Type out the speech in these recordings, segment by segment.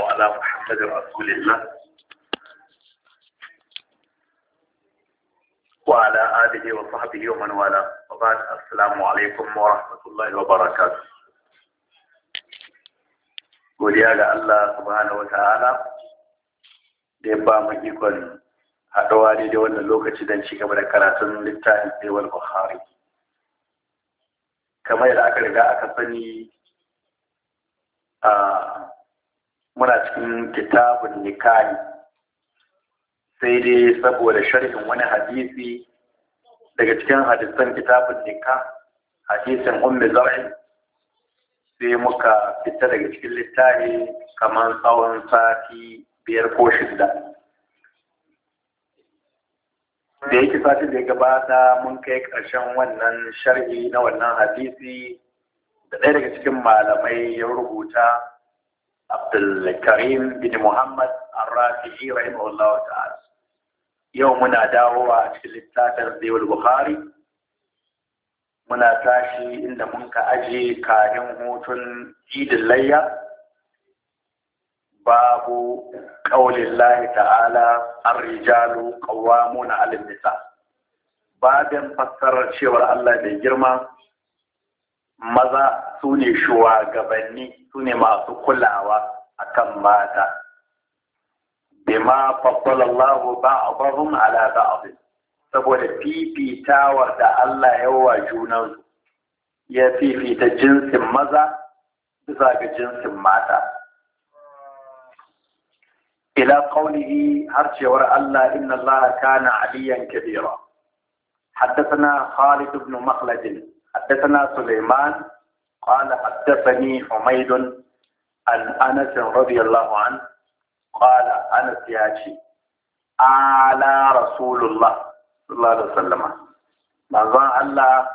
والسلام على محمد رسول الله وعلى آله وصحبه ومن والاه وبعد السلام عليكم ورحمة الله وبركاته godiya ga Allah subhanahu wata'ala da ya ba mu ikon haɗawa daidai wannan lokaci don ci gaba da karatun littafin tsewar Buhari. Kamar yadda aka riga aka sani a muna cikin kitabun nikahi sai dai saboda sharhin wani hadisi daga cikin hadisan kitabun nikah hadisin ummi zar'i sai muka fita daga cikin littafi kamar tsawon sati biyar ko shida. da yake sati da ya gabata mun kai ƙarshen wannan sharhi na wannan hadisi da ɗaya daga cikin malamai ya rubuta Abdulkarim bin Muhammad Ar-Rafi'i rahimahullahu ta'ala. Yau muna dawo a cikin littafin Zaiwul Bukhari. Muna tashi inda mun ka aje kayan hutun Idil Layya. Babu ƙaunin Lahi ta'ala an rijalu ƙawamu na alimisa. Babin fassarar cewar Allah mai girma maza su ne shugabanni su ne masu kulawa akan mata bima faddalallahu ba'dahum ala ba'd saboda fifitawar da Allah ya junansu ya fifita jinsin maza bisa ga jinsin mata ila qawlihi har cewar Allah inna Allah kana aliyan kabira حدثنا خالد بن مخلد حدثنا سليمان قال حدثني حميد عن أنس رضي الله عنه قال أنس ياتي على رسول الله صلى الله عليه وسلم manzon Allah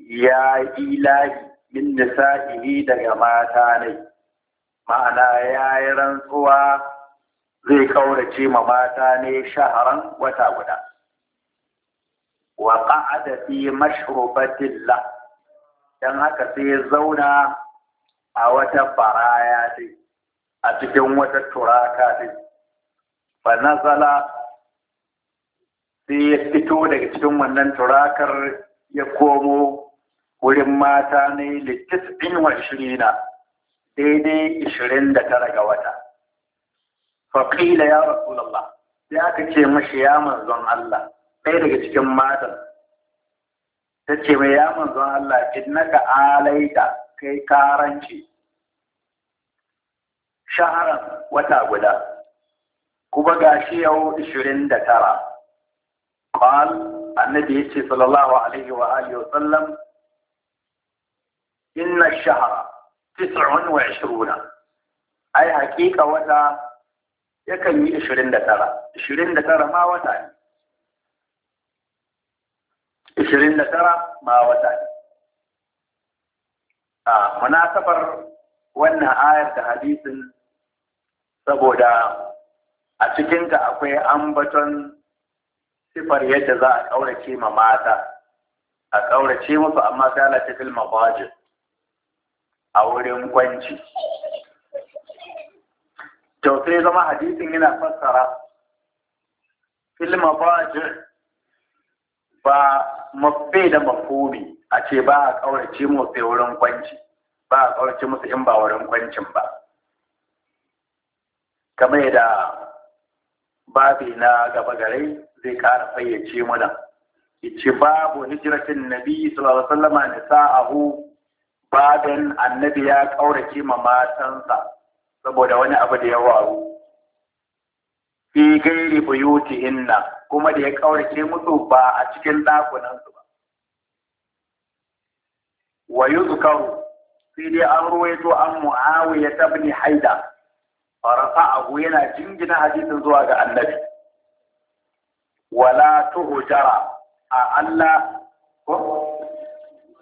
ya ilahi min nisa'ihi daga mata ne ma'ana ya yi rantsuwa zai kaurace ma mata ne shaharan wata guda wa qa'ada fi mashrubatin la dan haka sai ya zauna a wata baraya din a cikin wata turaka din fa nazala sai ya fito daga cikin wannan turakar ya komo wurin mata ne littafin wa shirina daidai ishirin da tara ga wata faƙila ya rasulallah sai aka ce mashi ya manzon Allah ɗaya daga cikin matan ta ce mai ya manzon Allah innaka alaita kai karanci shaharan wata guda kuma gashi yau 29 qal annabi yace sallallahu alaihi wa alihi wa sallam inna ash-shahra 29 ai haƙiƙa wata yakan yi 29 29 ma wata ne ishirin da tara ma wata ne. A munasabar wannan ayar da hadisin saboda a cikinta akwai ambaton sifar yadda za a ƙaurace ma mata, a ƙaurace musu amma sai ala filma mafajin a wurin kwanci. To zama hadisin yana fassara filma mafajin ba mabbe da mafumi a ce ba a ƙaurace mafi wurin kwanci ba a ƙaurace musu in ba wurin kwancin ba kamar da babi na gaba garai zai ƙara fayyace mana ce babu hijiratin nabi sallallahu alaihi da sa'ahu badan annabi ya ƙaurace ma matansa saboda wani abu da ya waru fi gairi inna kuma da ya kaurace musu ba a cikin ɗakunansu su ba wa yuzkaru sai dai an ruwaito an muawiya bin haida abu yana jingina hadisin zuwa ga annabi wala tuhjara a Allah ko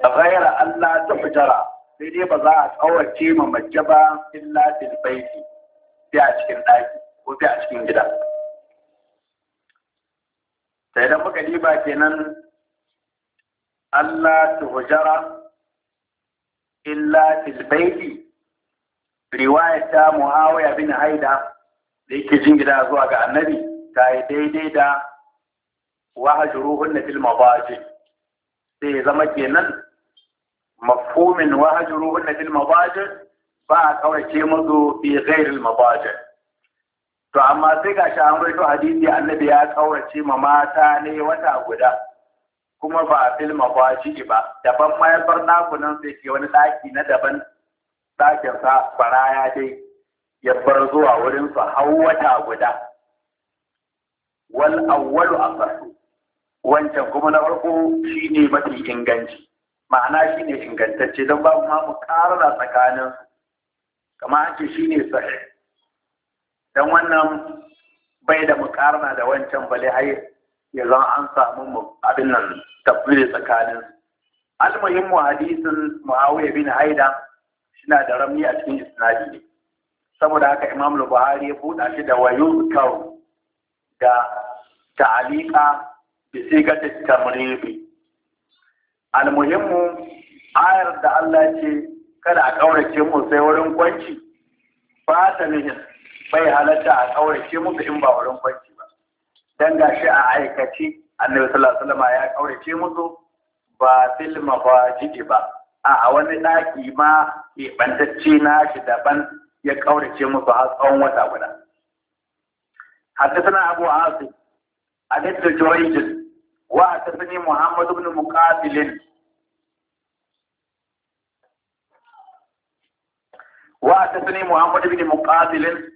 ghaira Allah tuhjara sai dai ba za a kaurace ma mace ba illa fil baiti sai a cikin ɗaki ko sai a cikin gida sai da muka diba kenan Allah tuhjara illa fil baiti riwayar ta muawiya bin haida da yake jingida zuwa ga annabi ta yi daidai da wahajruhunna fil mabaji sai ya zama kenan mafhumin wahajruhunna fil mabaji ba a kaurace musu fi ghairil mabaji to amma sai ga shi an rawaito hadisi annabi ya kaurace ma mata ne wata guda kuma ba a filma kwaji ba daban ma ya bar dakunan sai ke wani daki na daban dakinsa baraya dai ya bar zuwa wurin su hau wata guda wal awwalu asahu wancan kuma na farko shine mafi inganci ma'ana shine ingantacce don babu ma mu karara tsakanin kamar ake shine sahih don wannan bai da mukarna da wancan bale ai ya an samu abin nan tabbiri tsakanin almuhimmu hadisin muawiya bin haida shina da ramni a cikin isnadi ne saboda haka imam al-buhari ya buɗa shi da wayu kaw da ta'alika bi sigata tamribi almuhimmu ayar da Allah ce kada a kaurace mu sai wurin kwanci ba ta nihin bai halatta a ƙaurace musu in ba wurin kwanci ba dan gashi a aikace annabi sallallahu alaihi wasallam ya ƙaurace musu ba fil mafajidi ba a wani ɗaki ma keɓantacce na shi daban ya ƙaurace musu har tsawon wata guda حدثنا أبو عاصم عن ابن جريج وحدثني محمد بن مقابل وحدثني محمد بن مقاتل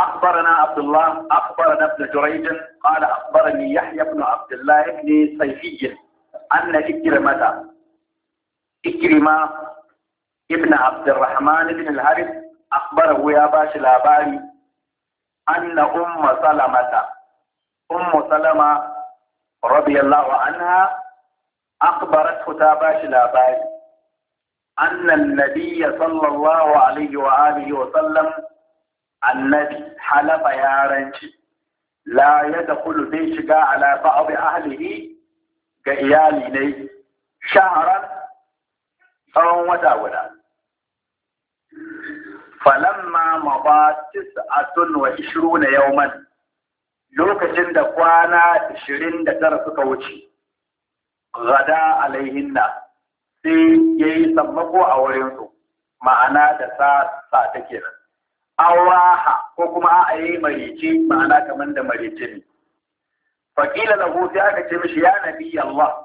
أخبرنا عبد الله أخبرنا ابن جريج قال أخبرني يحيى بن عبد الله بن صيفي أن إكرمة إكرمة ابن عبد الرحمن بن الحارث أخبره يا باش الأباري أن أم سلمة أم سلمة رضي الله عنها أخبرته تاباش الأباري أن النبي صلى الله عليه وآله وسلم annabi halafa yaranci la ya da zai shiga ala ba'abi ahlihi ga iyali ne shaharar tsawon wata guda falamma mabatis atun wa ishiru na yauman lokacin da kwana ishirin da tara suka wuce gada alaihinna sai ya yi sammako a wurinsu ma'ana da sa ta kenan. awaha ko kuma a yi marice ma'ana kamar da marice ne faƙila da hu sai aka ce mishi ya nabi Allah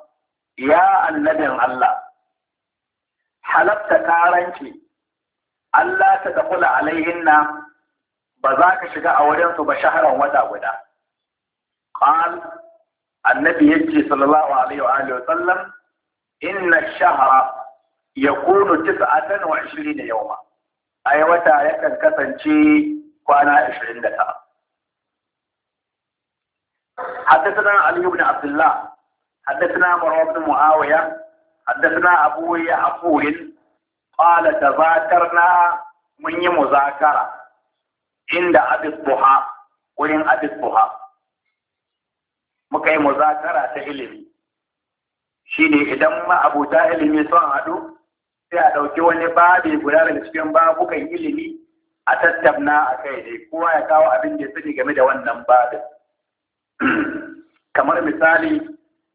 ya annabin Allah halatta karanci Allah ta dakula na. ba za ka shiga a wurinsu ba shaharan wata guda qal annabi ce sallallahu alaihi wa alihi wa sallam inna shahara! Ya ash-shahra yakunu 29 yawma a yi wata yakan kasance kwana ashirin da ta. Haddasana Aliyu bin Abdullah, na Marwa bin Mu'awiya, na Abu ya Afurin, ƙwala ta zakar na mun yi muzakara inda Abis Buha, wurin Abis Buha. Muka yi muzakara ta ilimi, shi ne idan ma abuta ilimi sun haɗu, sai a ɗauki wani babi guda daga cikin babukan ilimi a tattabna a kai dai. kowa ya kawo abin da ya sani game da wannan babin kamar misali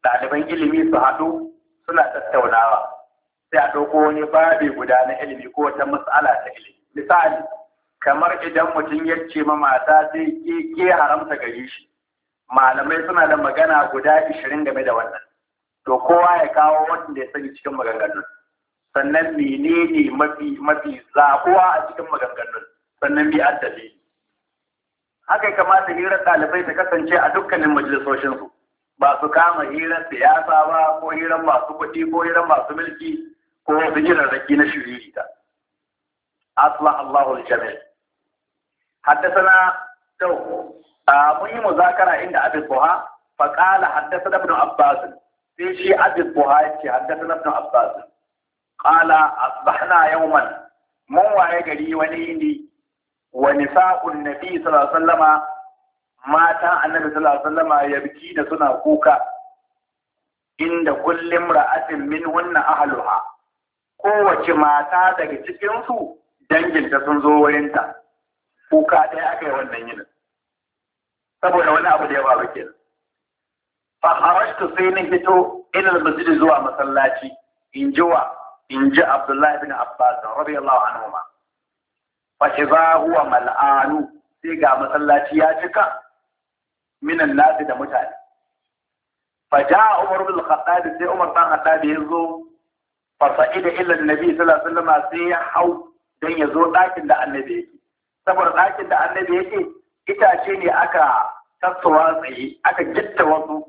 ɗaliban ilimi su haɗu suna tattaunawa sai a ɗauko wani babi guda na ilimi ko wata mas'ala ta ilimi misali kamar idan mutum ya ce ma mata sai ke haramta gare shi malamai suna da magana guda ishirin game da wannan to kowa ya kawo wanda ya sani cikin maganganun sannan menene mafi mafi zaɓuwa a cikin maganganun sannan bi an dalili haka ya kamata hirar ɗalibai ta kasance a dukkanin majalisoshinsu ba su kama hirar siyasa ba ko hirar masu kuɗi ko hirar masu mulki ko wasu hirarraki na shiririta aslah Allahu al-jamil حدثنا inda abin buha عند أبي الضحى فقال حدثنا sai shi abin buha أبي ce Haddasa ابن abbasin. qala asbahna yawman mun waye gari wani yini wa nisa'un nabi sallallahu alaihi wasallama matan annabi ya alaihi da suna kuka inda kullum ra'atin min hunna ahluha kowace mata daga cikin su danginta sun zo wurinta kuka ɗaya aka yi wannan yinin saboda wani abu da ya babu kenan fa kharajtu sai na fito ila masjid zuwa masallaci in jiwa in ji Abdullahi bin Abbas radiyallahu anhu ma fa ba huwa mal'anu sai ga masallaci ya cika minan nasi da mutane fa a Umar bin Khattab sai Umar dan Khattab ya zo fa sa'ida ila annabi sallallahu alaihi wasallam sai ya hau dan ya zo dakin da annabi yake saboda dakin da annabi yake itace ne aka tattawa tsaye aka gitta wasu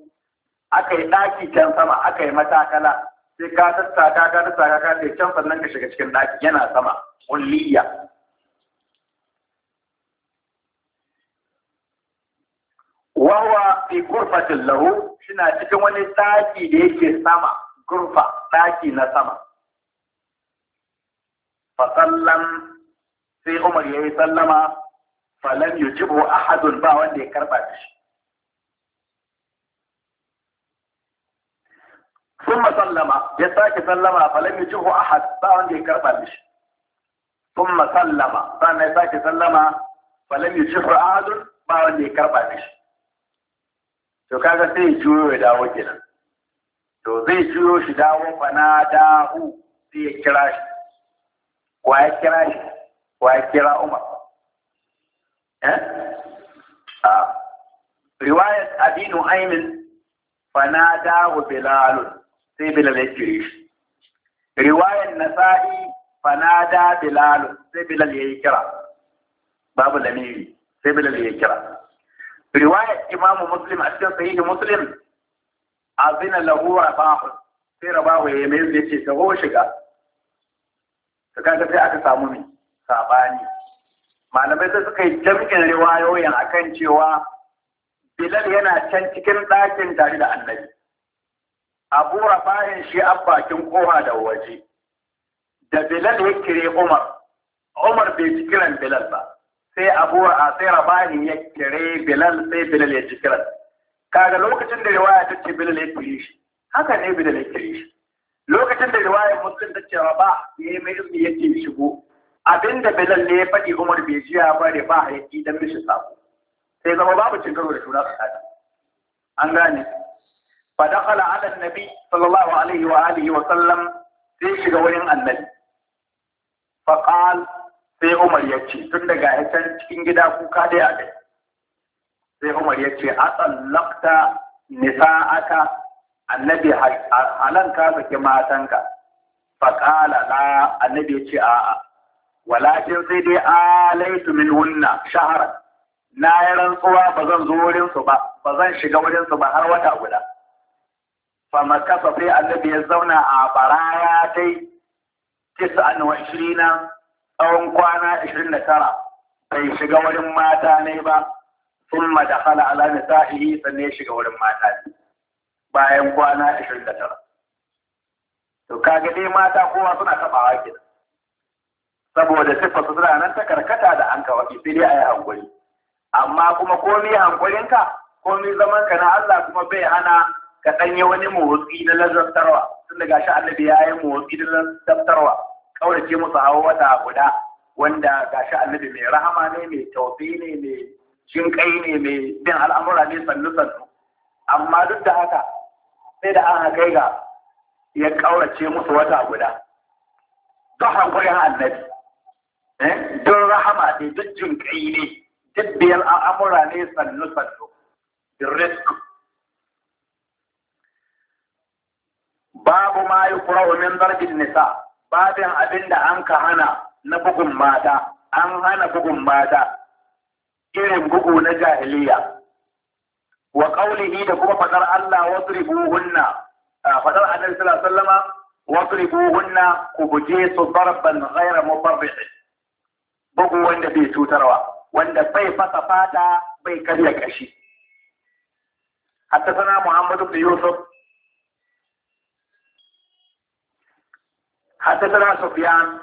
aka yi ɗaki can sama aka yi matakala sai ka tattaka ka tattaka ka kai can sannan ka shiga cikin daki yana sama kulliya wawa fi gurfatin lahu suna cikin wani ɗaki da yake sama gurfa ɗaki na sama sallam sai umar ya yi sallama lam yujibu ahadun ba wanda ya karɓa shi ثم سلم يساك سلم فلم يجبه أحد فأنت كربا مش ثم سلم فأنا يساك سلم فلم يجبه أحد فأنت كربا مش to kaga sai juyo ya dawo kenan to zai juyo shi dawo fana dahu sai ya kira shi wa ya kira shi wa ya kira umar eh riwayat abinu aimin fana dahu bilalun sai Bilal ya kire shi. Riwayar Nasa'i fanada Bilal sai Bilal ya yi kira. Babu lamiri sai Bilal ya yi kira. Riwayar Imam Muslim a cikin sahihi Muslim azina lahu rabahu sai rabahu ya mai zai ce ka ho shiga. Ka kaga sai aka samu mai sabani. Malamai sai suka yi jam'in riwayoyin akan cewa Bilal yana can cikin ɗakin tare da annabi. abu bayan shi an bakin koha da waje da bilal ya kire umar umar bai ji kiran bilal ba sai abu a sai rafahin ya kire bilal sai bilal ya ji kiran kaga lokacin da riwaya ta ce bilal ya kire shi haka ne bilal ya kire shi lokacin da riwaya muslim ta ce raba ya yi mai izini ya ce shigo abinda bilal ne ya faɗi umar bai ji ya ba da ba a yaki dan mishi sako sai zama babu cin karo da shura tsakani an gane fa dakhala ala annabi sallallahu alaihi wa alihi wa sallam sai shiga wurin annabi fa qal sai Umar ya ce tun daga can cikin gida kuka dai a sai Umar ya ce a tsallakta nisa'aka annabi halanka saki matanka fa qala la annabi ya ce a'a walakin sai dai alaitu min hunna shahara na yi rantsuwa ba zan zo wurin su ba ba zan shiga wurin su ba har wata guda fa makasa sai annabi ya zauna a baraya dai tis'an wa ishirina tsawon kwana ishirin da tara bai shiga wurin mata ne ba sun hala ala nisa'ihi sannan ya shiga wurin mata ne bayan kwana ishirin da tara to kaga dai mata kowa suna tabawa kenan saboda siffa su suna nan ta karkata da an kawaki sai dai a yi hankuri amma kuma komi hankulinka komi zaman ka na Allah kuma bai hana ka ɗanye wani motsi na lazartarwa tun da gashi annabi ya yi motsi na lazartarwa kaurace musu hawa wata guda wanda gashi annabi mai rahama ne mai tausayi ne mai jinƙai ne mai bin al'amura ne sannu sannu amma duk da haka sai da an kai ga ya kaurace musu wata guda duk hankulin annabi eh, don rahama ne duk jinƙai ne duk biyan al'amura ne sannu sannu risk babu ma yuqra'u min darbin nisa babin abinda an ka hana na bugun mata an hana bugun mata irin bugu na jahiliya wa qawlihi da kuma fadar Allah wasribuhunna fadar Annabi sallallahu alaihi wasallama wasribuhunna ku buje su darban ghayra mubarrih bugu wanda bai cutarwa wanda bai fasa fata bai karya kashi حدثنا Muhammadu بن Yusuf. حدثنا سفيان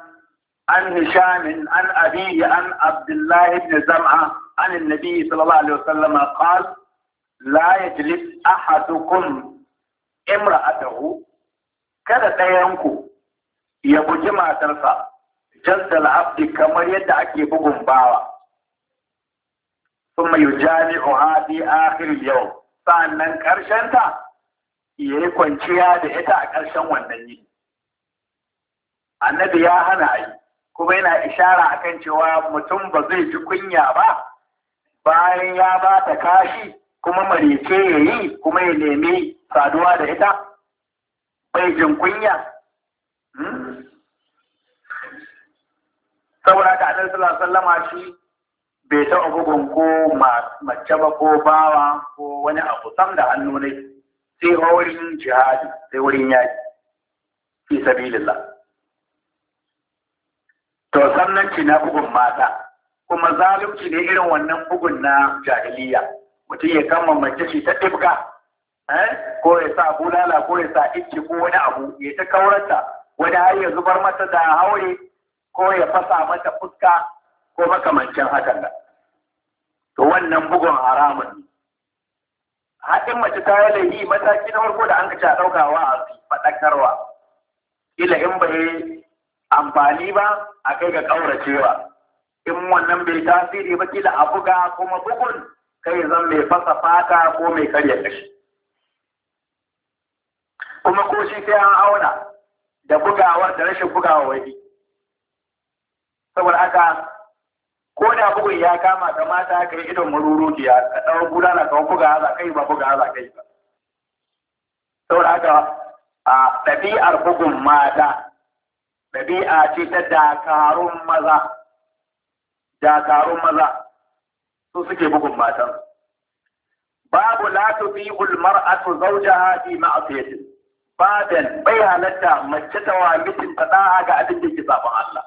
عن هشام عن أبيه عن عبد الله بن زمعة عن النبي صلى الله عليه وسلم قال لا يجلس أحدكم امرأته kada ɗayanku ya guji matarsa jaddal abdi kamar yadda ake bugun bawa kuma yujami'u hadi akhir yau sannan karshenta yayi kwanciya da ita a karshen wannan yini annabi ya hana a yi kuma yana ishara a kan cewa mutum ba zai ji kunya ba bayan ya ba ta kashi kuma marice ya yi kuma ya nemi saduwa da ita bai jin kunya hmm? saboda ka annabi sallallahu sallama shi bai taɓa bugun ko mace ba ko bawa ko wani abu sam da hannu ne sai wurin jihadi sai wurin yaki fi sabilillah to zannanci na bugun mata kuma zalunci ne irin wannan bugun na jahiliya mutum ya kama mace shi ta ɗibka eh, ko ya sa bulala ko ya sa icce ko wani abu ya ta kaurata wani har ya zubar mata da haure ko ya fasa mata fuska ko makamancin hakan nan to wannan bugun haramun haɗin mace ta yi laifi mataki na farko da an ka a ɗaukawa a faɗakarwa ila in bai amfani ba a kai ga ƙauracewa in wannan bai tasiri ba kila a buga kuma bugun kai zan mai fasa fata ko mai karya kashi kuma ko shi sai an auna da bugawar da rashin bugawa wani saboda haka, ko da bugun ya kama da mata ka yi idon marurutiya ka ɗau na kawo buga za kai ba buga za kai ba saboda haka, a ɗabi'ar bugun mata ɗabi'a ce ta dakarun maza dakarun maza su suke bugun matan babu ulmar a su Zau, fi ma'siyati badan bai halatta mace ta wa ta ga abin da ke zafin Allah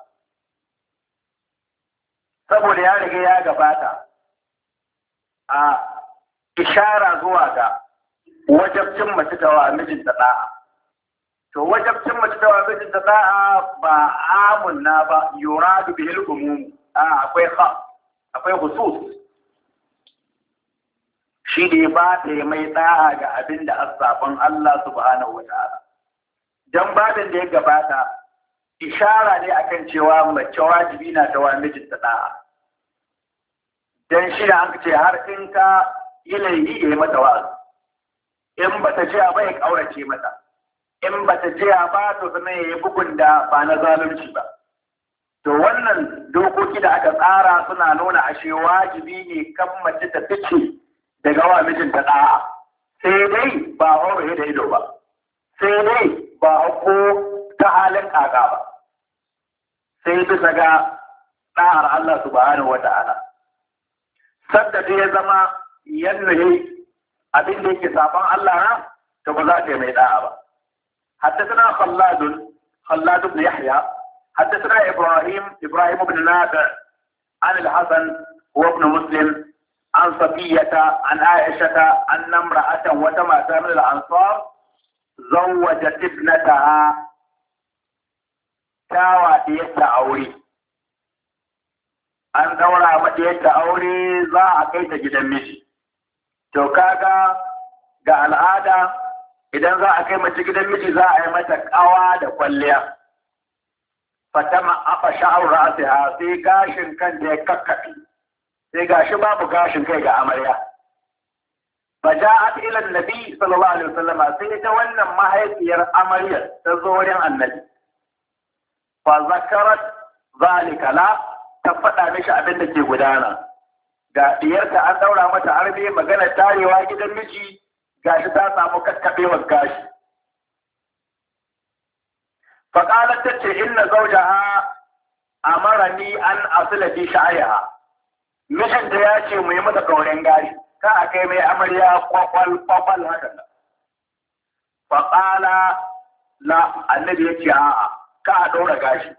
saboda ya riga ya gabata a ishara zuwa ga wajabcin mace ta wa mijin ta to cin mace da wajabcin ta ba amun na ba da bihil umum a akwai ha akwai husus shi ne ba ta yi mai da'a ga abin da asafin Allah subhanahu wa ta'ala dan babin da ya gabata ishara ne akan cewa mace wajibi na ta wa mijinta da'a dan shi da aka ce har in ka yi laifi ya yi mata wa'azu in ba ta ce a bai kaurace mata in ba ta jiya ba to zama ya yi bugun da ba na zalunci ba to wannan dokoki da aka tsara suna nuna ashe wajibi ne kan mace ta fice daga wa mijinta ɗa'a sai dai ba horo da ido ba sai dai ba ko ta halin kaka ba sai bisa ga ɗa'ar Allah hannu wata ana. sadda ya zama yanne abin da yake saban Allah na to ba za ta yi mai ɗa'a ba حدثنا خلاد خلاد بن يحيى حدثنا إبراهيم إبراهيم بن نافع عن الحسن هو ابن مسلم عن صفية عن عائشة أن امرأة وتمأت من الأنصار زوجت ابنتها tawa da أوري أن دورا daura mata yadda aure za a kai ta gidan miji idan za a kai mace gidan miji za a yi mata kawa da kwalliya fatama afa sha'ar ra'asiha sai gashin kan da ya kakkafi sai gashi babu gashin kai ga amarya faja'at ila annabi sallallahu alaihi wasallam sai ita wannan mahaifiyar amarya ta zo wurin annabi fa zakarat zalika la ta faɗa mishi abin da ke gudana ga diyarta an daura mata arbe magana tarewa gidan miji gashi ta samu kakkaɓewar gashi faƙalar ta ce inna zaujaha ni an asila bi mishin ta ya ce mu yi mata ɗauren gari ka a kai mai amarya kwakwal kwakwal haka nan faƙala la annabi ya ce a'a ka a ɗora gashi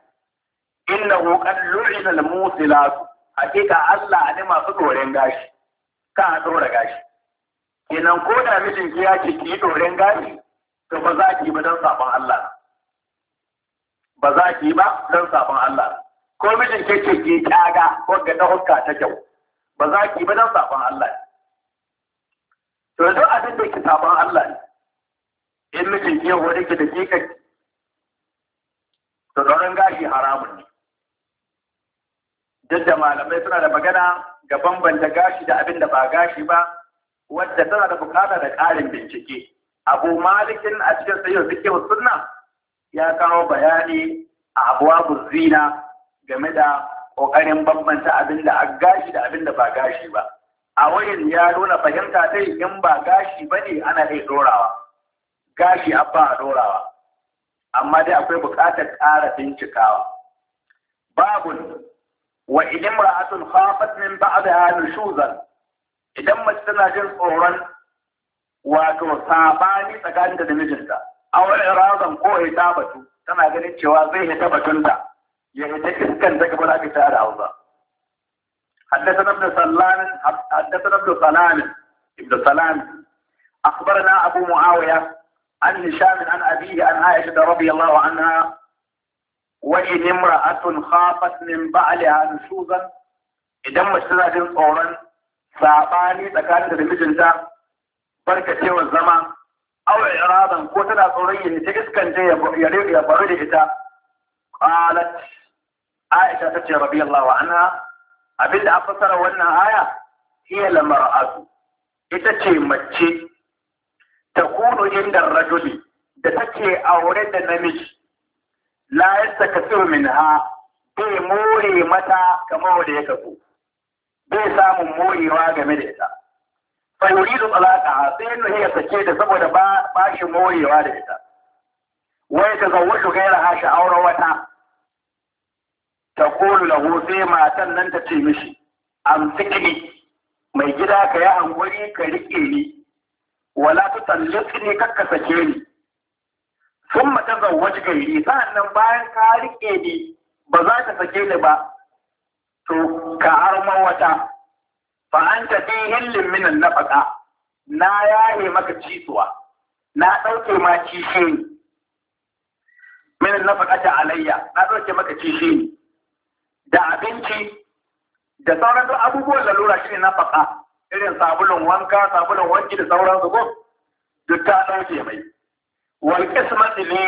inna hukan lu'ina al-musilatu hakika Allah ne masu ɗauren gashi ka a ɗora gashi kenan ko da ki ya ce ki yi doren gashi to ba za ki ba don sabon Allah ba za ki ba don sabon Allah ko mijin ke ce ki kyaga wanda ta hukka ta kyau ba za ki ba don sabon Allah to duk abin da ke sabon Allah in mijin yau wani ki da kika to doren gashi haramun ne duk da malamai suna da magana ga bambanta gashi da abin da ba gashi ba wadda tana da bukata da ƙarin bincike abu malikin a cikin sayyar zikin sunna ya kawo bayani a abuwa zina game da ƙoƙarin bambanta abin da a gashi da abin da ba gashi ba a wayin ya nuna fahimta dai in ba gashi ba ne ana iya dorawa gashi abba a dorawa amma dai akwai buƙatar ƙara bincikawa babun wa ilimra'atun khafat min ba'daha nushuzan idan mace tana jin tsoron wato sabani tsakanin da mijinta aure razan ko ya ta batu tana ganin cewa zai hita batunta ya hita iskan da gaba aka tare hausa حدثنا ابن سلام حدثنا ابن سلام ابن سلام اخبرنا ابو معاويه عن هشام عن ابيه عن عائشه رضي الله عنها وان امراه خافت من بعلها نشوزا idan mace tana jin tsoron saɓani tsakanin da mijinta barkacewar zama awai iradan ko tana tsoron yin ta iskan je ya bari da ita qalat aisha ta ce radiyallahu anha abinda an fassara wannan aya hiya lamar'atu ita ce mace ta kuno inda rajuli da take aure da namiji la yastakasiru minha bai more mata kamar wanda ya kaso Zai samun morewa game da ita da yuridu a sai nuhi ya sake da saboda ba shi morewa da ita wai ta shi gaira ha shi wata ta kolu lahu sai matan nan ta ce mishi an tikini mai gida ka yi hankuri ka riƙe ni wala ta tu ne kakka sake ni sun mata zawwaji gairi nan bayan ka riƙe ni ba za ta sake ni ba to ka harman wata fa an fi hillin minan faɗa, na yaye maka cisuwa na ɗauke ma cishe ni minan faɗa ta alayya na ɗauke maka cishe ni da abinci da sauran duk abubuwan lura shi na faɗa, irin sabulun wanka sabulun wanki da sauran su duk ta ɗauke mai wal kismati ne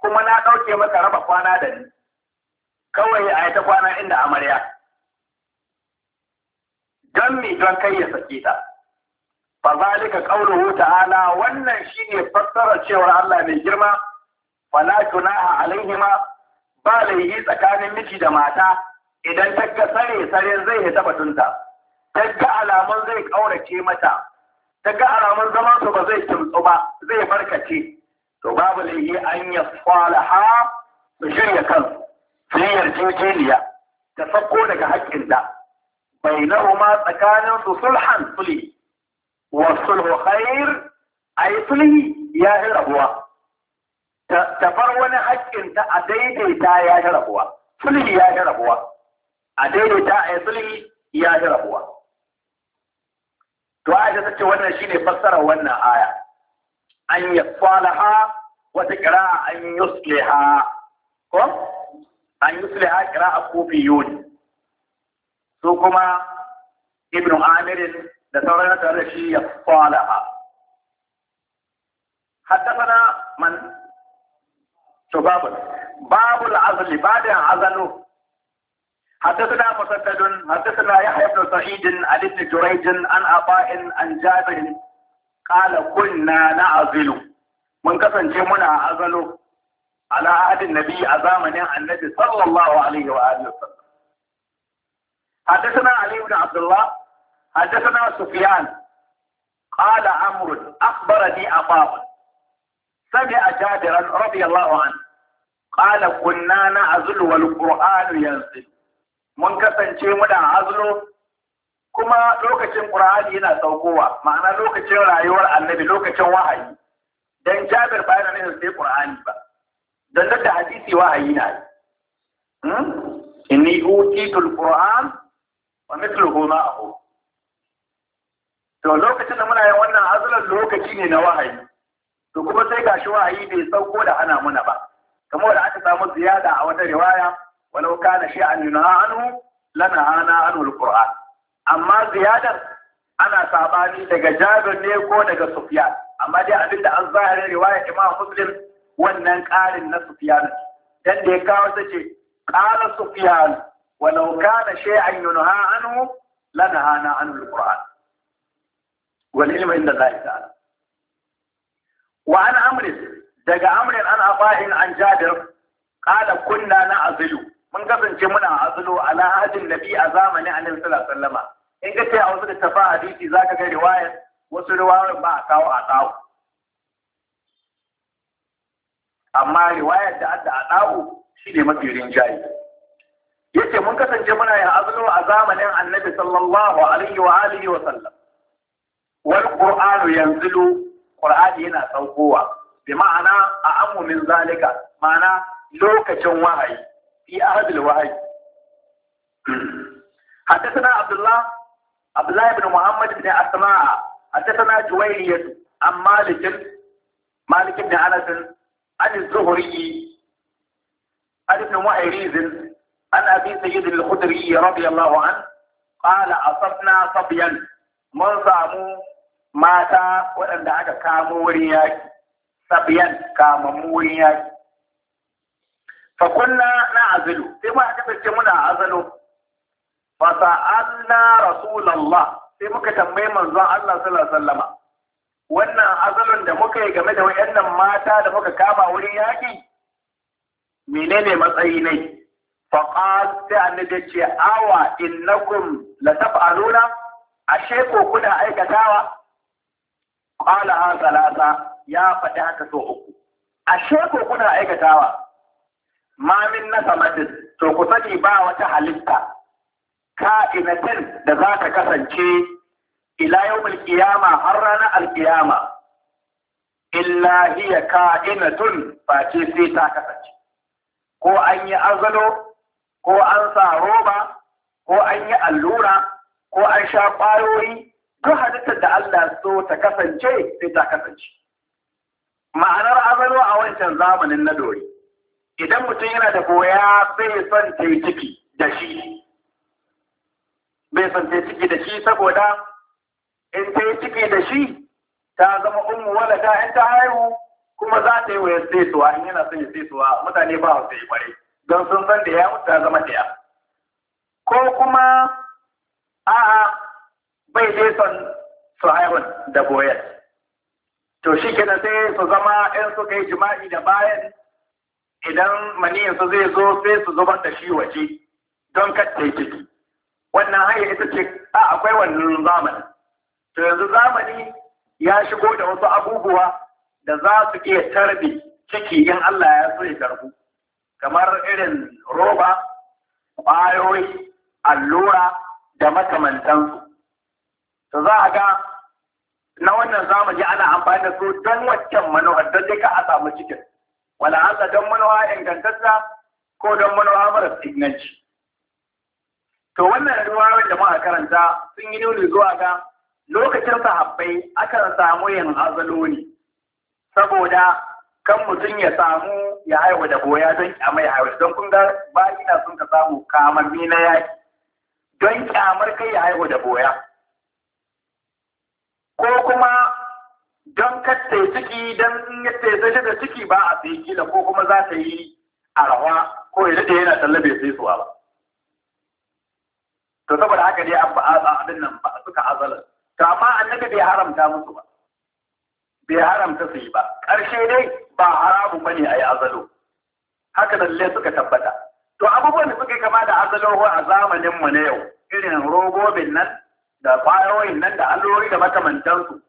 kuma na ɗauke maka raba kwana da ni kawai a ta kwana inda amarya don mi don kai ya sake ta fa zalika qawluhu ta'ala wannan shine fassara cewar Allah mai girma fala a alaihima ba laihi tsakanin miji da mata idan ta ga sare sare zai ya taba tunta ta ga alamun zai kaurace mata ta ga alamun zaman su ba zai kimtsu ba zai barkace to babu laifi an ya salaha su shirya kansu ta sako daga haƙƙinta ma tsakanin su sulhan sulhi wa sulhu khair ay sulhi ya yi rabuwa ta bar haƙƙin ta a ya yi rabuwa sulhi ya yi rabuwa a daidaita sulhi ya yi rabuwa to Aisha ta ce wannan shine fassarar wannan aya an yasalaha wata qira'a an su kuma ibn amirin da sauran da shi ya حدثنا من شباب باب العزل بعد عزله حدثنا مسدد حدثنا يحيى بن سعيد عن ابن جريج عن عطاء عن جابر قال كنا نعزل من كسن منا عزل على عهد النبي عزامنا النبي صلى الله عليه واله وسلم حدثنا علي بن عبد الله حدثنا سفيان قال عمرو أخبرني أباب سمع جابرا رضي الله عنه قال كنا نعزل والقرآن ينزل mun kasance muna azuro kuma lokacin Qur'ani yana saukowa ma'ana lokacin rayuwar annabi lokacin wahayi dan Jabir bayan nan Kur'ani Qur'ani ba dan da hadisi wahayi na inni utitul Qur'an wa to lokacin da muna yin wannan azulan lokaci ne na wahayi to kuma sai shi wahayi bai sauko da ana muna ba kamar da aka samu ziyada a wata riwaya walau kana an yuna 'anu lana hana anu alquran amma ziyadar ana sabani daga Jabir ne ko daga Sufyan amma dai abin da an zahiri riwaya Imam Muslim wannan ƙarin na Sufyan dan da ya kawo ta ce qala Sufyan ولو كان شيئا ينهى عنه لنهانا عنه القران والعلم عند الله تعالى وعن امر دقى امر انا اطاهن عن جابر قال كنا نعزل من قبل جمنا عزلوا على عهد النبي عزام عن صلى الله عليه وسلم ان قلت يا وزير التفاعل ديتي ذاك غير روايه وصلوا روايه ما اتاو اتاو اما روايه ده ادى اتاو شيء ما في رنجايه yace mun kasance muna yin azlo a zamanin annabi sallallahu alaihi wa alihi wa sallam wal qur'anu yanzilu qur'ani yana saukowa bi ma'ana a amu min zalika ma'ana lokacin wahayi fi ahadil wahayi حدثنا عبد الله عبد الله بن محمد بن أسماء حدثنا جويرية عن مالك مالك بن أنس عن الزهري عن ابن معيريز عن ابي سيد الخدري رضي الله عنه قال اصبنا صبيا من صاموا ماتا وان دعك كامور صبيا كامور ياكي فقلنا نعزل فيما كتبت منا عزل فسألنا رسول الله فيما كتب من ذا صلى الله عليه وسلم وانا عزل ان دمك يقمده وانا ماتا دمك كامور ياكي منين مصيني faƙal sai annabi ce awa innakum la taf'aluna ashe ko kuna aikatawa qala ha salasa ya faɗi haka so uku ashe ko kuna aikatawa ma min nasamatin to ku sani ba wata halitta ka'inatin da za ta kasance ila yawmul qiyama har ranar alqiyama illa hiya ka'inatun face sai ta kasance ko an yi azalo ko an sa roba ko an yi allura ko an sha ƙwayoyi duk halittar da Allah so ta kasance sai ta kasance ma'anar azalo a wancan zamanin na dori idan mutum yana da koya, bai son ta yi ciki da shi bai son ta ciki da shi saboda in ta ciki da shi ta zama ummu da in ta haihu kuma za ta yi wa ya sai in yana son ya sai mutane ba su yi kwarai don sun san da ya mutu zama ɗaya ko kuma a'a bai dai son su haihun da goyon to shi kenan sai su zama in su kai jima'i da bayan idan maniyin su zai zo sai su zubar da shi waje don kattai ciki wannan hanyar ita ce a akwai wannan zamani to yanzu zamani ya shigo da wasu abubuwa da za su iya tarbi ciki in Allah ya so ya tarbu kamar irin roba, ƙwayoyi, allura da makamantansu. Ta za a ga na wannan zamani ana amfani da su don waccan manuwa don ka a samu cikin. Wala hasa don manuwa ingantatta ko don manuwa mara signanci. To wannan ruwayoyin da muka karanta sun yi nuni zuwa ga lokacin sahabbai akan samu yin azaloni saboda kan mutum ya samu ya haihu da goya don kyamar ya haihu don kun ga bayina sun ka samu kamanni na yaki don kyamar kai ya haihu da goya ko kuma don kattai ciki don in ya tsaye da ciki ba a sai gila ko kuma za ta yi arawa ko ya daɗe yana tallabe sai suwa ba to saboda haka dai a abin nan ba suka azalar to amma annabi bai haramta musu ba bai haramta su yi ba ƙarshe dai ba haramu bane a yi azalo haka lalle suka tabbata to abubuwan da suka yi kama da azalo a zamanin mu na yau irin robobin nan da ƙwayoyin nan da allori da makamantansu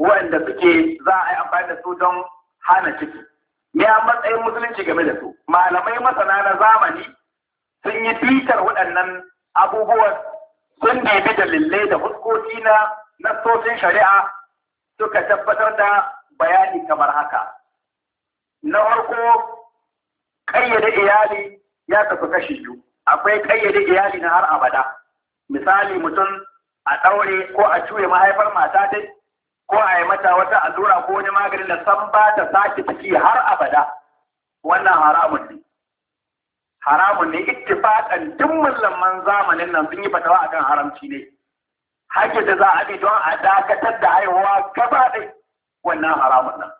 Wanda suke za a yi amfani da su don hana ciki me a matsayin musulunci game da su malamai masana na zamani sun yi bitar waɗannan abubuwan sun nemi dalilai da huskoki na nassocin shari'a suka tabbatar da bayani kamar haka. Na farko, ƙayyade iyali ya tafi kashi biyu, akwai ƙayyade iyali na har abada. Misali mutum a ɗaure ko a cuye mahaifar mata dai, ko a yi mata wata allura ko wani maganin da san ba ta sake ciki har abada. Wannan haramun ne. Haramun ne ittifaqan duk musulman zamanin nan sun yi fatawa akan haramci ne. hanyar da za a bi don a dakatar da haihuwa gaba ɗai wannan haramun nan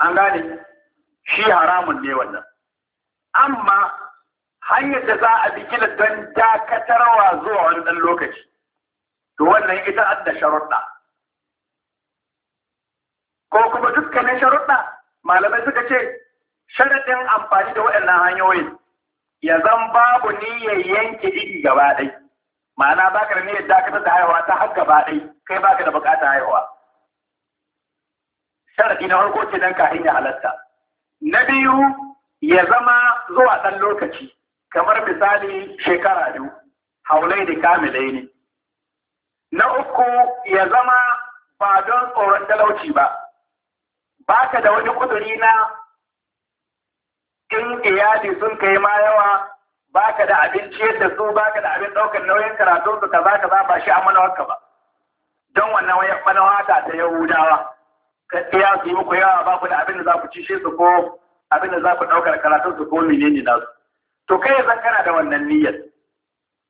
an gane shi haramun ne wannan amma hanyar da za a bi kila don dakatarwa zuwa wani ɗan lokaci to wannan ita an da sharuɗa ko kuma dukkanin sharuɗa malamai suka ce sharaɗin amfani da waɗannan hanyoyin ya zan babu niyyar yanke iri gaba ɗai ma'ana ba ka da niyyar dakatar da haihuwa ta har gaba ɗai kai ba ka da buƙatar haihuwa sharaɗi na harko ce don kahin ya halatta na biyu ya zama zuwa ɗan lokaci kamar misali shekara biyu haulai da kamilai ne na uku ya zama ba don tsoron talauci ba ba ka da wani kuduri na in iyali sun kai ma yawa baka da abin ciyar da su baka da abin ɗaukar nauyin karatun su kaza kaza ba shi a manawarka ba don wannan wayar manawa ta ta yahudawa tsaya su yi muku yawa ba ku da abin da za ku shi su ko abin da za ku ɗaukar karatun su ko menene na su to kai zan kana da wannan niyyar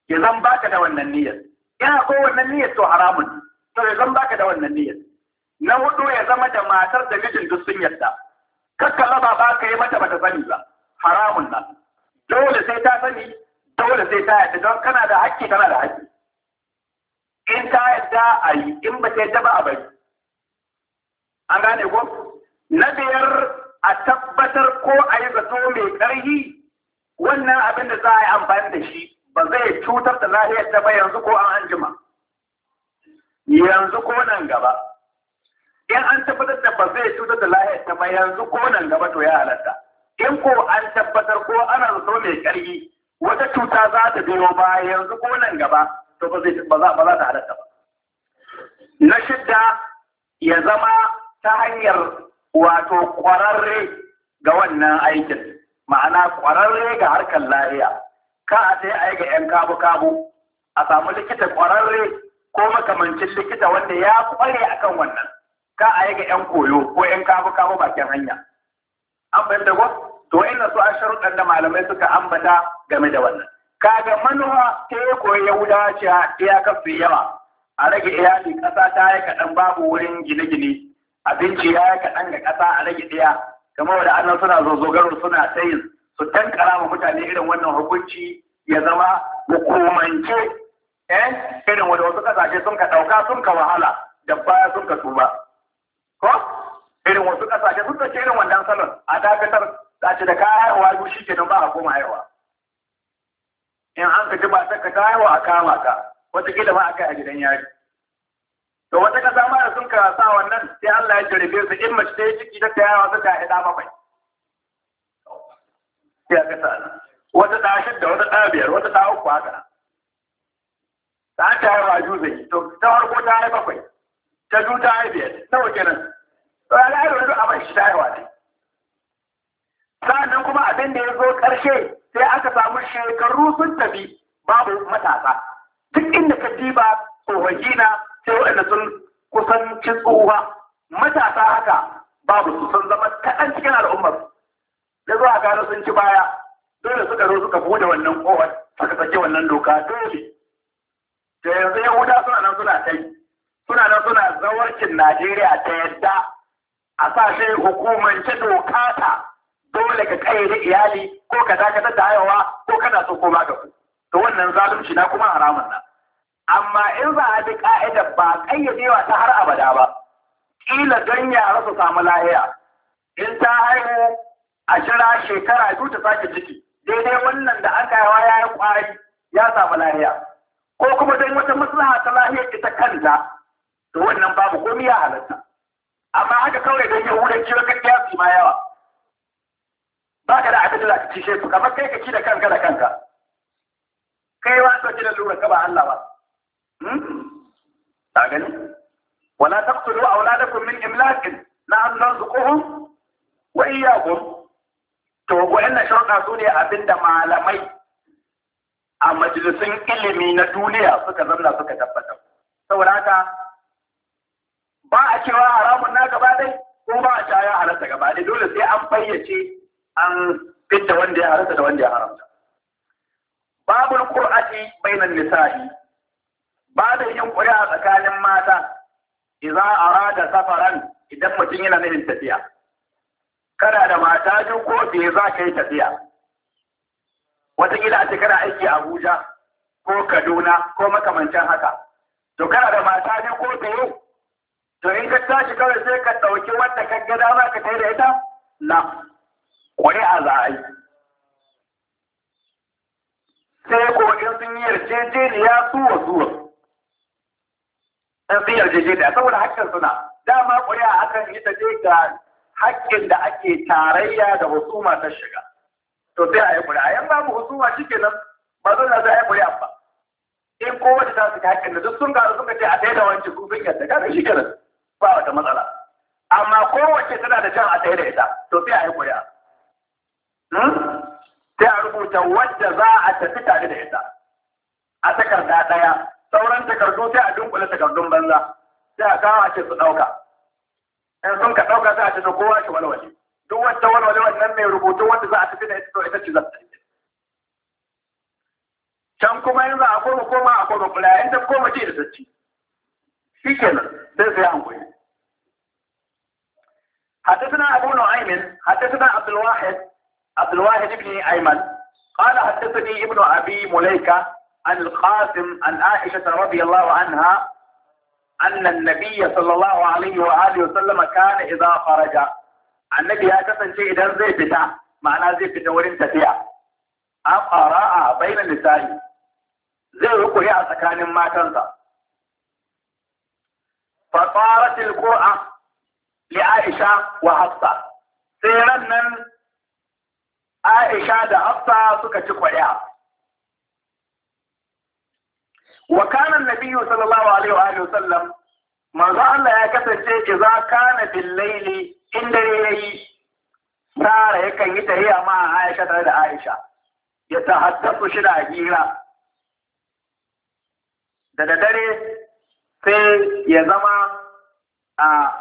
ya zan baka da wannan niyyar ina ko wannan niyyar to haramun to ya zan baka da wannan niyyar na hudu ya zama da matar da mijin duk sun yarda kakkalaba ba ka yi mata bata sani ba haramun nan dole sai ta sani dole sai ta yadda don kana da haƙƙi kana da haƙƙi in ta yadda a yi in ba ta yadda ba a bari an gane ko na biyar a tabbatar ko a yi zato mai ƙarfi wannan abin da za a yi amfani da shi ba zai cutar da lafiyar ta ba yanzu ko an anjima yanzu ko nan gaba in an tabbatar da ba zai cutar da lafiyar ta ba yanzu ko nan gaba to ya halatta in ko an tabbatar ko ana zato mai ƙarfi wata cuta za ta biyo ba yanzu ko nan gaba to ba za ta halatta ba na shidda ya zama ta hanyar wato ƙwararre ga wannan aikin ma'ana ƙwararre ga harkar lahiya ka a sai a yi ga 'yan kabu-kabu a samu likita ƙwararre ko makamancin likita wanda ya ƙware a kan wannan ka a yi ga 'yan koyo ko 'yan kabu-kabu bakin hanya an fahimta ko to wa'annan su a sharuɗan da malamai suka ambata game da wannan kaga manuwa ta yi koyi yahudawa cewa iyakar su yawa a rage iyali ƙasa ta yi kaɗan babu wurin gine-gine abinci ya yi kaɗan ga ƙasa a rage ɗaya kamar wani annan suna zozogaro suna tayin su tankara ma mutane irin wannan hukunci ya zama hukumance eh irin wanda wasu ƙasashe sun ka ɗauka sun ka wahala da baya sun ka tuba ko irin wasu ƙasashe sun ka irin wannan salon a dakatar za ta da kaya haihuwa yi shi don ba a koma haihuwa in an ka ji ba ta ka haihuwa a kama ka wataƙila ba a kai a gidan yari to wata kasa mara da sun karasa wannan sai Allah ya jarabe su in mace ta yi ciki da ta yawa suka haɗa bakwai ya kasa wata ɗa shidda wata ɗa biyar wata ta uku haka ta ta yi raju zai to ta farko ta yi bakwai ta du ta yi biyar nawa kenan to ya ga yaro a bai shi ta yi ne sannan kuma abin da ya zo ƙarshe sai aka samu shekaru sun tafi babu matasa duk inda ka diba tsofaffi na sai waɗanda sun kusan cin tsohuwa matasa haka babu su sun zama kaɗan cikin al'ummar da zuwa gano sun ci baya dole suka zo suka bude wannan kowar suka sake wannan doka dole da yanzu yahuda suna nan suna kai suna nan suna zawarcin najeriya ta yadda a sa shi hukumance doka ta dole ka kai da iyali ko ka dakatar da haihawa, ko kana so koma ga ku to wannan zalunci na kuma haramun na amma in za a bi ka'idar ba kayyadewa ta har abada ba kila don ya rasa samu lahiya in ta haihu a jira shekara biyu ta sake ciki daidai wannan da aka yawa ya yi kwari ya samu lahiya ko kuma don wata maslaha ta lahiyar ita kanta to wannan babu komai ya halatta amma haka kawai don yahudanci wakar yasi ma yawa ba ka da abin da za ka cishe su kamar kai ka ci da kanka da kanka kai wa so ki da lura ka ba Allah ba ta hmm? gani wala taqtulu awladakum min imlakin na an nazquhum wa iyyakum to wayannan sharuɗa su ne abinda malamai a majalisun ilimi na duniya suka zanna suka tabbatar saboda haka ba a cewa haramun na gaba dai ko ba a cewa ya halatta gaba dai dole sai an fayyace an fitta wanda ya haramta da wanda ya haramta babul qur'ati bainan nisa'i ba da yin ƙuri'a tsakanin mata idza arada safaran idan mutum yana nufin tafiya kana da mata biyu ko biyu za ka yi tafiya wataƙila a ce kana aiki a Abuja ko Kaduna ko makamancin haka to kana da mata biyu ko biyu to in ka tashi kawai sai ka ɗauki wanda ka ga dama ka kai da ita la ƙuri'a za a yi sai ko in sun yi yarjejeniya su wa su in sun yarjejeniya saboda hakkin suna dama ƙuri'a akan yi ta je ga hakkin da ake tarayya da husuma ta shiga to sai a yi ƙuri'a yan babu husuma shi ke nan ba zan na za a yi ƙuri'a ba in kowace ta suka hakkin da duk sun gano suka ce a ɗaya da wancan su sun yarda kaga shi ke nan, ba wata matsala amma kowace tana da jan a ɗaya da ita to sai a yi ƙuri'a Hmm? sai a rubuta wadda za a tafi tare da ita a takarda ɗaya sauran takardu sai a dunkule takardun banza sai a kawo a ce su ɗauka in sun ka ɗauka sai a ce to kowa shi walwale duk wata walwale wannan mai rubutu wanda za a tafi da ita to ita ce za ta can kuma yanzu a koma koma a koma kula in ta koma ce da sacci shi kenan sai sai an koyi حدثنا أبو نعيم حدثنا عبد الواحد عبد الواحد بن ايمن قال حدثني ابن ابي مليكه عن القاسم عن عائشه رضي الله عنها ان النبي صلى الله عليه واله وسلم كان اذا خرج النبي يا كسن شيء اذا زي بتاع معناه زي بتاع ورين تفيع اقرا بين النساء زي ركو يا سكان ما تنسى فطارت القرآن لعائشه وحفصه سيرنا Aisha da Hafsa suka ci ƙwarya. Wa kana Nabiyyu sallallahu alaihi wa alihi sallam manzo Allah ya kasance idza kana bil layli in dare yayi Sara yakan yi tahiya ma Aisha tare da Aisha ya tahaddathu shi da hira da dare sai ya zama a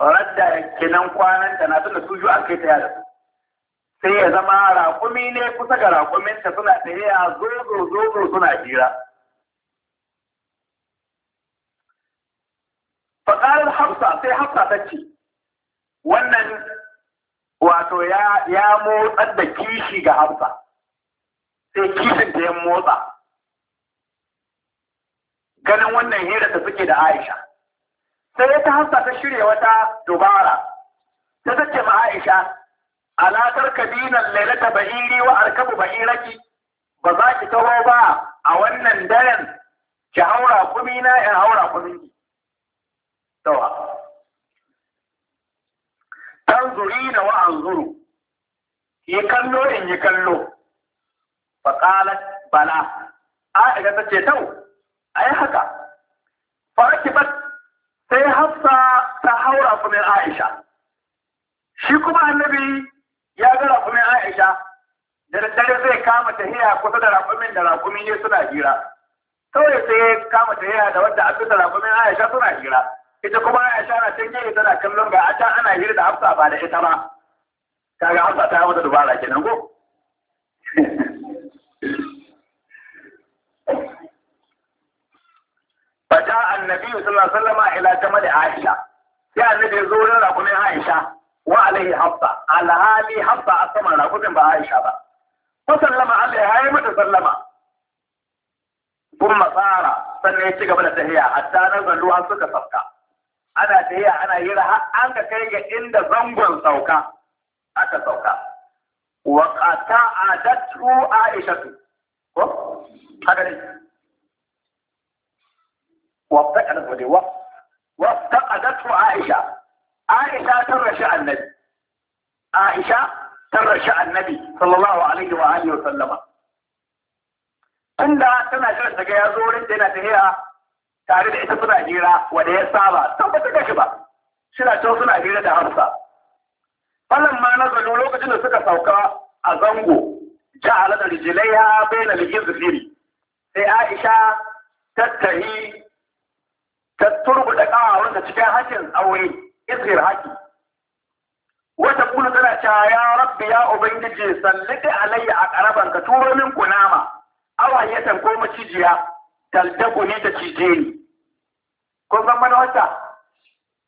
radda kinan kwanan da na tunda tuju an kai ta yada sai ya zama raƙumi ne kusa ga raƙuminta suna a zozo zozo suna jira. Faƙarar Hafsa sai Hafsa ta ce, wannan wato ya motsar da kishi ga Hafsa, sai kishin ta ya motsa. Ganin wannan hira ta suke da Aisha. Sai ta Hafsa ta shirya wata dubara, ta zace ma Aisha, alatar kadinan lailata bahiri wa arkabu bahiraki ba za ki taho ba a wannan daren ki haura kumi na in haura kumi ki tawa tanzuri na wa anzuru yi kallo in yi kallo fa qalat bala a ga ta ce tau ai haka fa kibat sai hafsa ta haura kumin aisha shi kuma annabi ya ga raƙumin Aisha da daddare zai kama ta tahiya kusa da raƙumin da raƙumin ya suna hira kawai sai ya kama ta tahiya da wadda abin da raƙumin Aisha suna hira ita kuma Aisha na can gefe tana kallon ga ata ana hira da Hafsa ba da ita ba kaga Hafsa ta yi mata dubara kenan ko فجاء النبي صلى الله ila وسلم إلى Aisha. Ya يا zuwa wurin لكم Aisha. وعليه حفظة على هذه حفظة أصمعنا قدن بعائشة فسلم عليها يمت سلم ثم صار سنعيش قبل تهيا حتى نزلوها سكة صفكة أنا تهيا أنا يلها أنك كي عند زنب سوكا حتى سوكا وقتا عادته عائشة وافتقدته عائشة Aisha ta rashi annabi. Aisha ta rashi annabi sallallahu alaihi wa alihi wa sallama. Tunda tana shirin daga ya zo wurin da yana tafiya tare da ita suna hira wanda ya saba san ba ta gashi ba. Suna can suna hira da hamsa. Falan ma na zalo lokacin da suka sauka a zango ja'ala da rijilaiha bayna al-izfiri. Sai Aisha tattahi ta turbuda wanda cikin hakin aure. izhir haqi wata kuna tana cewa ya rabbi ya ubangiji sallita alayya a karaban ka turo min kunama awayatan ko macijiya taldaku ne ta cije ni ko san mana wata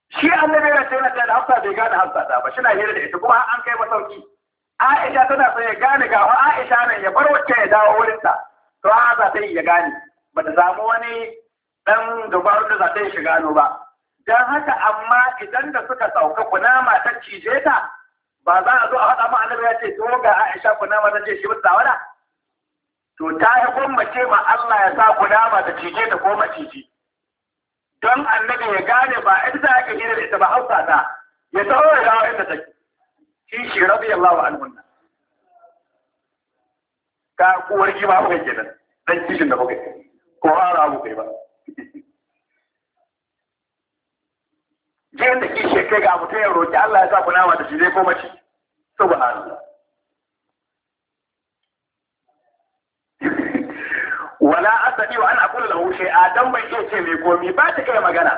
shi annabi yana cewa da hafsa bai gane hafsa ta ba shina hira da ita kuma an kai masauki Aisha tana so ya gane ga wa Aisha ne ya bar wacce ya dawo ta to a sai ya gane bata samu wani dan dabaru da za ta yi ba don haka amma idan da suka sauka kunama ta cije ta ba za a zo a haɗa ma ya ce to ga Aisha kunama ta ce shi mutu tawada to ta yi gwammace ma Allah ya sa kunama ta cije ta ko maciji don annabi ya gane ba in za ka gina da ita ba hausa ta ya tawo ya dawo inda take shi shi radiyallahu al'umma. ka kuwar gima kuka kenan dan kishin da kuka ko hara kuka ba yadda ke kai ga mutum ya roƙi Allah ya sa ku nama da shi zai koma ci subhanallah wala asadi wa ana aqulu lahu shay'a dan ban iya ce mai komi ba ta kai magana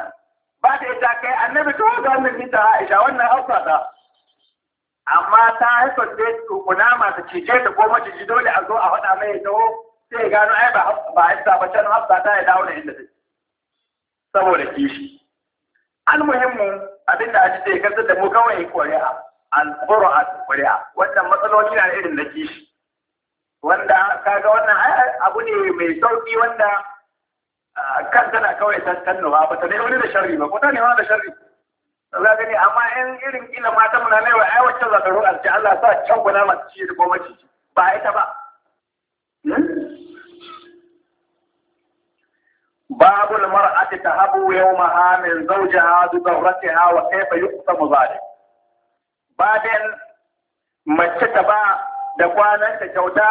ba ta ita kai annabi to ga annabi ta Aisha wannan hausa ta amma ta haifa sai kuna masu cece ta ko mace ji dole a zo a faɗa mai taho sai gano ai ba ba hafsa ba can hafsa ta ya dawo da inda take saboda kishi almuhimmu abin da a ce kasar da mu kawai ƙuri'a al-qur'an ƙuri'a wannan matsaloli na irin na kishi wanda kaga wannan abu ne mai sauki wanda kan tana kawai tantannuwa ba ta ne wani da sharri ba ko ta ne wani da sharri za gani amma in irin kila mata muna ne wa ai wacce za ta roƙa ce Allah sa can guna masu ci da goma ci ba ita ba hmm? باب المرأة تهب يومها من زوجها بضرتها وكيف يقسم ذلك بعدين mace ta ba da kwananta kyauta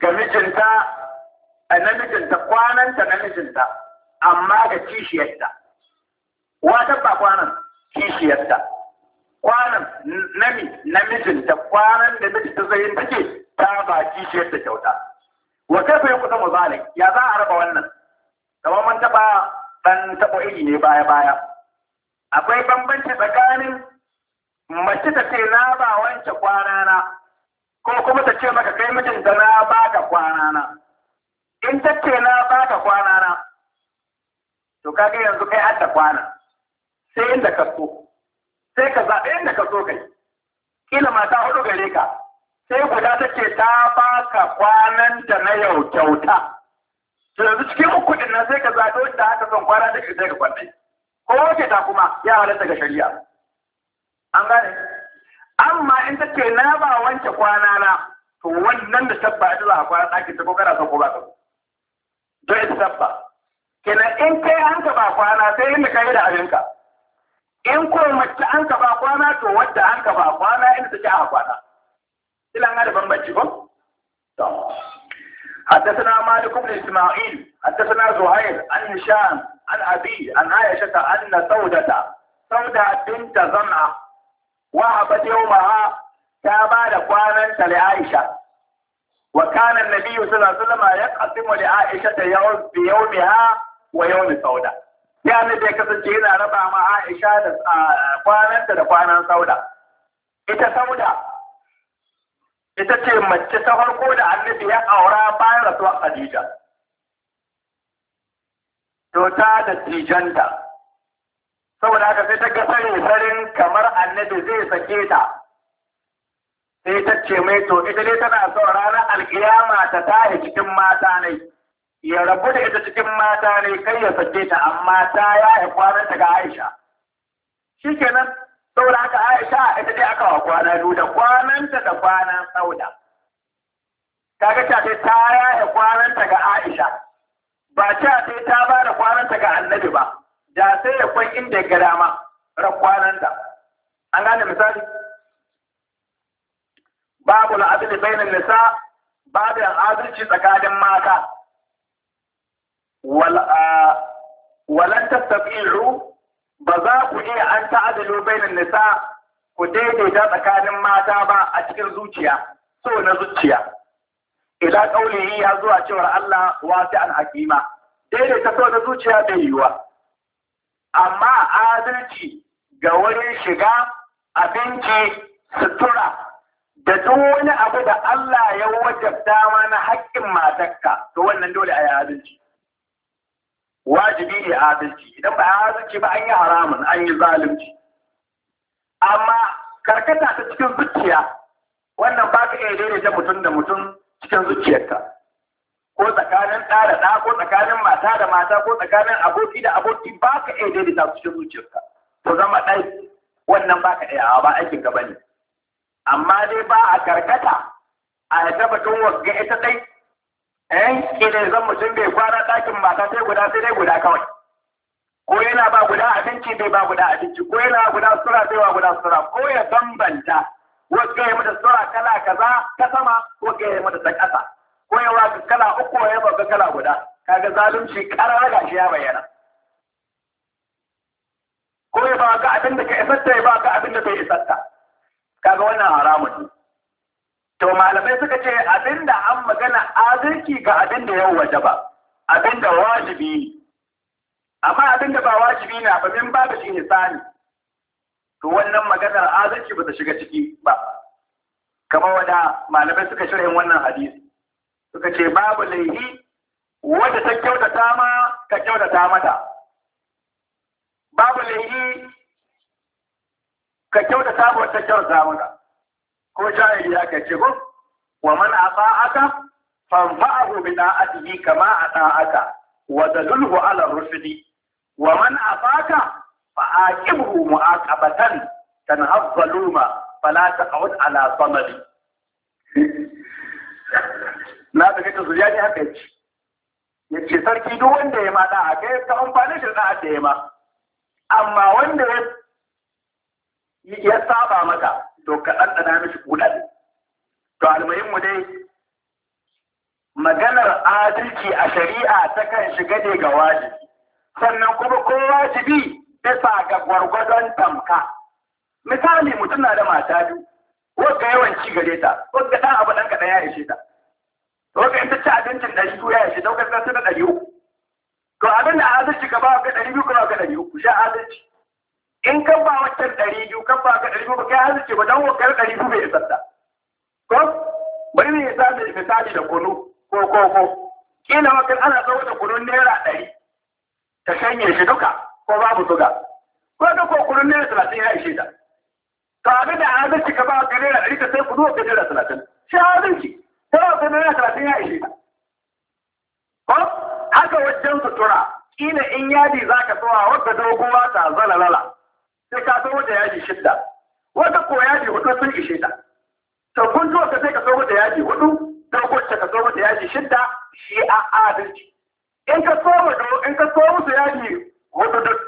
ga mijinta a namijinta kwananta namijinta amma ga kishiyarta watan ba kwanan kishiyarta kwanan nami namijinta kwanan da miji ta zayin take ta ba kishiyarta kyauta wa ya za a raba wannan kama mun taɓa ɗan taɓa iri ne baya-baya. Akwai bambanci tsakanin mace ta ce na ba wance kwanana ko kuma ta ce maka kai da na ba ka kwanana. In ta ce na ba ka na to kaga yanzu kai har da kwana, sai inda ka so, sai ka zaɓi inda ka so kai. Kila mata hudu gare ka, sai guda ta ce ta ba ka kwananta na yau kyauta. to yanzu cikin uku din nan sai ka zaɓi wanda aka son kwana da shi sai ka kwanne ko wace ta kuma ya halatta ga shari'a an gane amma in ta ce na ba wanke kwana na to wannan da tabba ita za a kwana ɗakin ta ko kana son ko ba ka don ita tabba kenan in kai an ka ba kwana sai inda ka yi da abinka in ko mace an ka ba kwana to wadda an ka ba kwana inda take a kwana Ina an da bambanci ko حدثنا مالك بن إسماعيل حدثنا زهير عن هشام عن أبي عن عائشة أن سودة سودة بنت زمعة وهبت يومها تابا لقوانا لعائشة وكان النبي صلى الله عليه وسلم يقسم لعائشة يوم بيومها ويوم سودة يعني النبي kasance yana raba ma Aisha da kwananta da kwanan ita ce mace ta farko da annabi ya aura bayan rasuwa Khadija. To ta da tijanta. Saboda haka sai ta ga sani sarin kamar annabi zai sake ta. Sai ta ce mai to ita dai tana son ranar alƙiyama ta tahi cikin mata ne. Ya rabu da ita cikin mata ne kai ya sake ta amma ta yi kwanan ga Aisha. Shikenan saboda haka Aisha ita dai aka wa kwana biyu da kwananta da kwanan sauda ga ta ce ta yaya kwananta ga Aisha ba ta ce ta ba da kwananta ga Annabi ba da sai ya kwan inda gada dama ran kwananta an gane misali babu al'adli bainan nisa babu adalci tsakanin mata Walanta ah, walan tastabi'u ba za ku iya an ta'adalu bainan nisa ku daidaita tsakanin mata ba a cikin zuciya so na zuciya ila qaulihi ya zuwa cewar Allah an hakima daidaita so na zuciya bai yiwa amma adalci ga wurin shiga abinci sutura da duk wani abu da Allah ya wajabta mana haƙƙin matarka to wannan dole a yi adalci wajibi ne adalci idan ba adalci ba an yi haramun an yi zalunci amma karkata ta cikin zuciya wannan ba ka iya daidaita mutum da mutum cikin zuciyarka ko tsakanin ɗa da ɗa ko tsakanin mata da mata ko tsakanin aboki da aboki ba ka iya daidaita cikin zuciyarka to zama ɗai wannan ba ka iya ba aikin ka bane amma dai ba a karkata a tabbatun ga ita ɗai eh kire zan mutum bai kwana ɗakin mata sai guda sai dai guda kawai ko yana ba guda abinci bai ba guda abinci ko yana guda sura sai ba guda sura ko ya bambanta wacce ya mata sura kala kaza ta sama wacce ya mata ta ƙasa ko ya wa kala uku ya babba kala guda kaga zalunci karara ga shi ya bayyana ko ya ba ka abin da ka isarta ya ba ka abin da bai isarta kaga wannan haramun to malamai suka ce abinda an magana adalci ga abinda yau waje ba abinda wajibi amma abinda ba wajibi na ba min babu shi hisani to wannan maganar adalci ba ta shiga ciki ba kamar wanda malamai suka shirya wannan hadisi suka ce babu laifi wadda ta kyautata ma ka kyautata mata babu laifi ka kyautata ma ta kyautata mata ko sha'iri aka ce ko wa man ata'aka fanfa'ahu bi da'atihi kama aka, wa dalulhu ala rusuli wa man afaka fa aqibhu mu'aqabatan tanhab zaluma fala taqud ala samadi na daga ta zuriya ne haka yace yace sarki duk wanda ya ma da haka ta amfani shi da da ya ma amma wanda ya saba maka. to ka ɗanɗana mishi kuɗaɗe. To almuhimmu dai maganar adalci a shari'a ta kan shiga ne ga wajibi, sannan kuma ko wajibi bisa ga gwargwadon tamka. Misali mutum na da mata biyu, wadda yawan ci gare ta, wadda ɗan abu ɗan kaɗan ya ishe ta. Wadda in ta ci abincin ɗari biyu ya ishe ta, wadda ta ɗari uku. To abin da adalci ka ba ka ɗari biyu ka ba ka ɗari uku, sha adalci. in ka ba wancan ɗari biyu ka ba ka ɗari biyu ba kai hanzu ba dan wakar ɗari biyu bai isar da ko bari ne ya sa misali da kunu ko ko ko kila wakar ana zo da kunun naira ɗari ta shanye shi duka ko babu suga ko ta ko kunun naira talatin ya ishe ta ka abin da zaci ka ba ka naira ɗari ka sai kunu wakar naira talatin shi hanzu ta wakar naira talatin ya ishe ta ko haka wajen sutura kila in yadi zaka tsawa wadda doguwa ta zala lala sai ka so wata yaji shidda wata ko yaji hudu sun ishe ta to kun to ka sai ka so wata yaji hudu ta ka so wata yaji shidda shi a adalci in ka so wata in ka so wata yaji hudu duk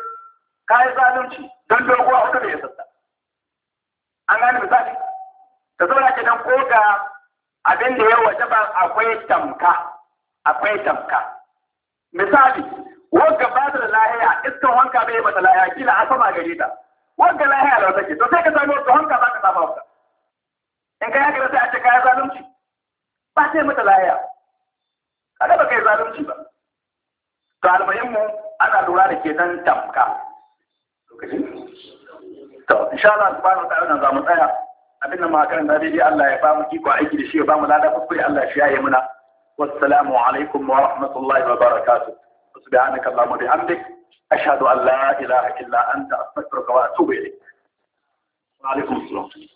ka yi zalunci don doguwa hudu da ya sassa an gane misali ka zauna ke dan ko ga abin da ya ba akwai tamka akwai tamka misali wanka ba da lahiya iskan wanka bai mata lahiya kila a sama gare ta wanda lahiya da take to sai ka samu wata hanka za ka samu hauka in ka yaka sai a ce kaya zalunci ba sai mata lahiya kada ba kai zalunci ba to almuhimmu ana lura da kenan tamka lokaci to insha Allah subhanahu wa ta'ala za mu tsaya abin da makarin da daidai Allah ya bamu iko aiki da shi ya bamu lada kuskure Allah shi yayi muna wassalamu alaikum wa rahmatullahi wa barakatuh subhanaka allahumma bihamdika أشهد أن لا إله إلا أنت أستغفرك وأتوب إليك وعليكم السلام